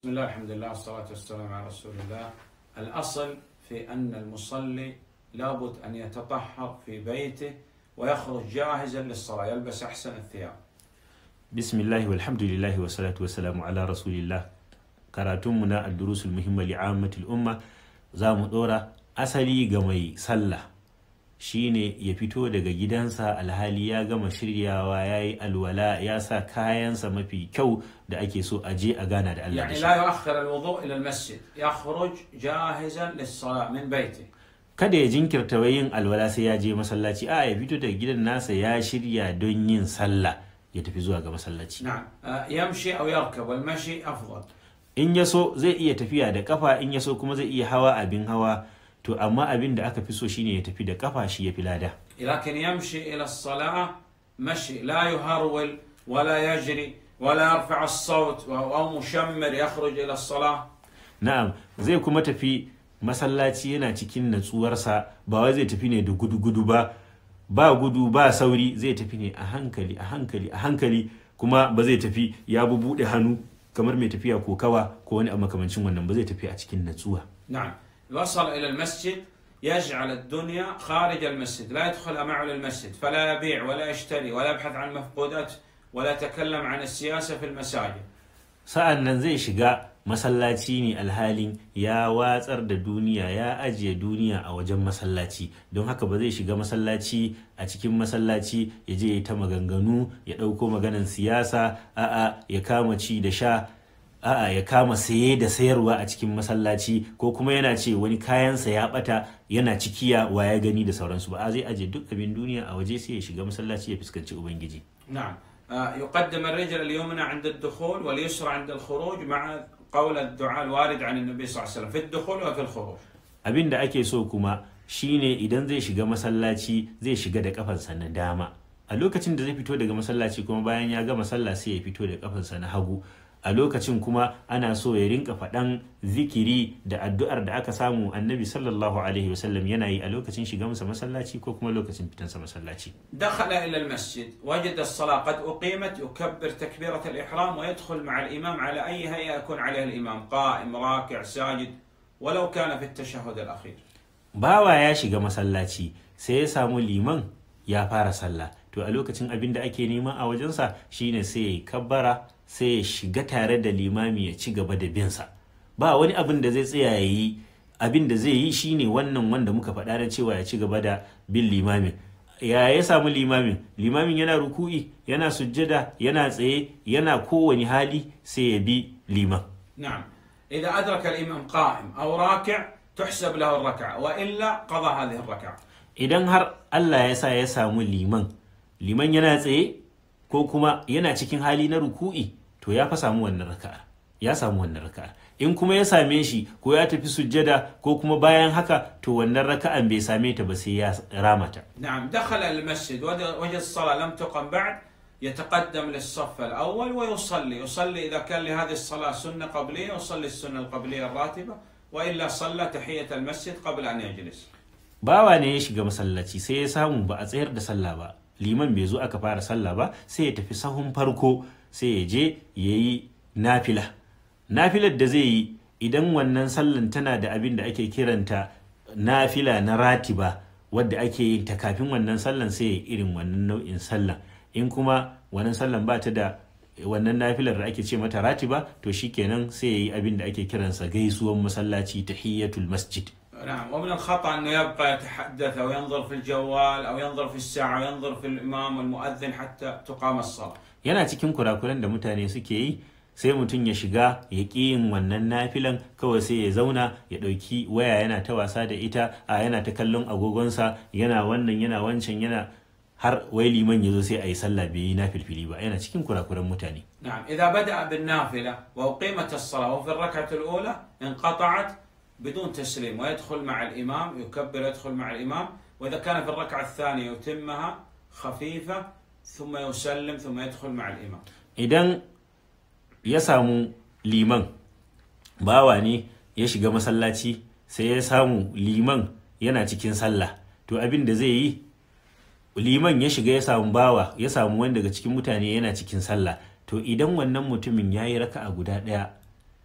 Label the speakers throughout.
Speaker 1: بسم الله الحمد لله والصلاة والسلام على رسول الله الأصل في أن المصلي لابد أن يتطهر في بيته ويخرج جاهزا للصلاة يلبس أحسن الثياب
Speaker 2: بسم الله والحمد لله والصلاة والسلام على رسول الله كراتمنا الدروس المهمة لعامة الأمة زامدورة أسلي قمي صلى shine ya fito daga gidansa alhali ya gama shiryawa ya yi alwala ya sa kayansa mafi kyau da ake so a je a gana da Allah Kada ya jinkirta wai yin alwala sai ya je masallaci a ya fito daga gidan nasa ya shirya don yin sallah ya tafi zuwa ga masallaci.
Speaker 1: Uh, yamshi aw yarkab
Speaker 2: In yaso zai iya tafiya da kafa in ya so kuma zai iya hawa abin hawa to amma abin da aka fi so shine ya tafi da kafa shi ya fi lada
Speaker 1: lakin yamshi ila as-sala'a mashi la yuharwil wala yajri wala yarfa as-sawt wa huwa mushammir yakhruj ila as-salah
Speaker 2: na'am zai kuma tafi masallaci yana cikin natsuwarsa ba wai zai tafi ne da gudu-gudu ba ba gudu ba sauri zai tafi ne a hankali a hankali a hankali kuma ba zai tafi ya buɗe hannu kamar mai tafiya ko kawa ko wani abu makamancin wannan ba zai tafi a cikin natsuwa
Speaker 1: na'am وصل إلى المسجد يجعل الدنيا خارج المسجد لا يدخل معه للمسجد فلا يبيع ولا يشتري ولا يبحث عن مفقودات ولا يتكلم عن السياسة في المساجد
Speaker 2: sa'an zai shiga masallaci ne alhalin ya watsar da duniya ya ajiye duniya a wajen masallaci don haka ba zai shiga masallaci a cikin masallaci ya je ta maganganu ya ɗauko maganan siyasa a'a ya kama ci da sha a'a ya kama saye da sayarwa a cikin masallaci ko kuma yana ce wani kayansa ya bata yana cikiya wa ya gani da sauransu ba a zai aje duk abin duniya a waje sai ya shiga masallaci ya fuskanci ubangiji
Speaker 1: na'am يقدم الرجل
Speaker 2: abin da ake so kuma shine idan zai shiga masallaci zai shiga da kafansa na dama a lokacin da zai fito daga masallaci kuma bayan ya gama masalla sai ya fito da kafansa na hagu a lokacin kuma ana so ya rinka faɗan zikiri da addu'ar da aka samu annabi sallallahu alaihi wasallam yana yi a lokacin shiga shigansa masallaci ko kuma lokacin fitan sa masallaci
Speaker 1: dakhala ila almasjid wajada as-salah qad uqimat yukabbir takbirat al-ihram wa yadkhul ma'a al-imam ala ayyi hayya yakun alayha al-imam qa'im raki' sajid walau kana fi at-tashahhud al-akhir bawa
Speaker 2: ya shiga masallaci sai ya samu liman ya fara sallah to a lokacin abin da ake nema a wajensa shine sai ya kabbara sai ya shiga tare da limami ya ci gaba da binsa ba wani abin da zai tsaya ya yi abin da zai yi shine wannan wanda muka faɗa na cewa ya ci gaba da bin limamin ya ya samu limamin limamin yana ruku'i yana sujjada yana tsaye yana kowane hali sai ya bi liman idan har Allah ya sa ya samu liman liman yana tsaye ko kuma yana cikin hali na ruku'i to ya fa samu wannan raka'a ya samu wannan raka'a in kuma ya same shi ko ya tafi sujjada ko kuma bayan haka to wannan raka'an bai same ta ba sai ya rama ta
Speaker 1: na'am dakhala al-masjid wajen as salat lam tuqam ba'd يتقدم للصف الأول ويصلي يصلي إذا كان لهذه الصلاة سنة قبلية يصلي السنة القبلية الراتبة وإلا صلى تحية المسجد قبل an يجلس
Speaker 2: bawa ne ya shiga masallaci sai ya samu ba a tsayar da sallah ba liman bai zo aka fara sallah ba sai ya tafi sahun farko sai ya je ya yi nafila nafilar da zai yi idan wannan sallan tana da abin da ake kiranta nafila na ratiba wadda ake yin ta kafin wannan sallan sai ya irin wannan nau'in sallan in kuma wannan sallan ba ta da wannan nafilar da ake ce mata ratiba to shi shikenan sai ya yi abin da ake kiransa gaisuwan masallaci tahiyyatul masjid
Speaker 1: نعم ومن الخطا انه يبقى يتحدث او ينظر في الجوال او ينظر في الساعه او ينظر في الامام والمؤذن حتى
Speaker 2: تقام الصلاه yana cikin kurakuran da mutane suke yi sai mutum ya shiga ya ƙi yin wannan nafilan kawai sai ya zauna ya ɗauki waya yana ta wasa da ita a yana ta kallon agogonsa yana wannan yana wancan yana har wai liman ya zo sai a yi sallah bai yi nafilfili ba yana cikin kurakuran mutane.
Speaker 1: na'am idan bada bin nafila wa qimata as-salah wa fi ar-rak'ati al-ula inqata'at بدون تسليم ويدخل مع الإمام يكبر يدخل مع الإمام وإذا كان في الركعة الثانية يتمها خفيفة ثم يسلم ثم يدخل مع الإمام
Speaker 2: إذن يسامو ليمان باواني ne ya shiga masallaci sai ya samu liman yana cikin sallah liman ya shiga ya samu bawa ya samu wani daga cikin mutane yana cikin sallah to idan wannan mutumin ya yi raka'a guda ɗaya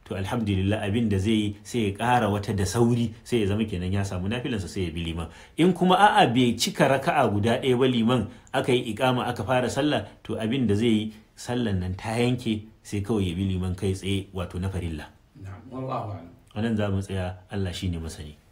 Speaker 2: to alhamdulillah abin da zai yi sai ya ƙara wata da sauri sai ya zama kenan ya samu nafilansa sai ya bi liman in kuma a'a bai cika raka'a guda ɗaya ba liman aka yi iƙama aka fara sallah to abin da zai yi sallan nan ta yanke sai kawai ya bi liman kai tsaye wato na farilla. Na'am,
Speaker 1: wallahu
Speaker 2: za mu tsaya Allah shi ne masani.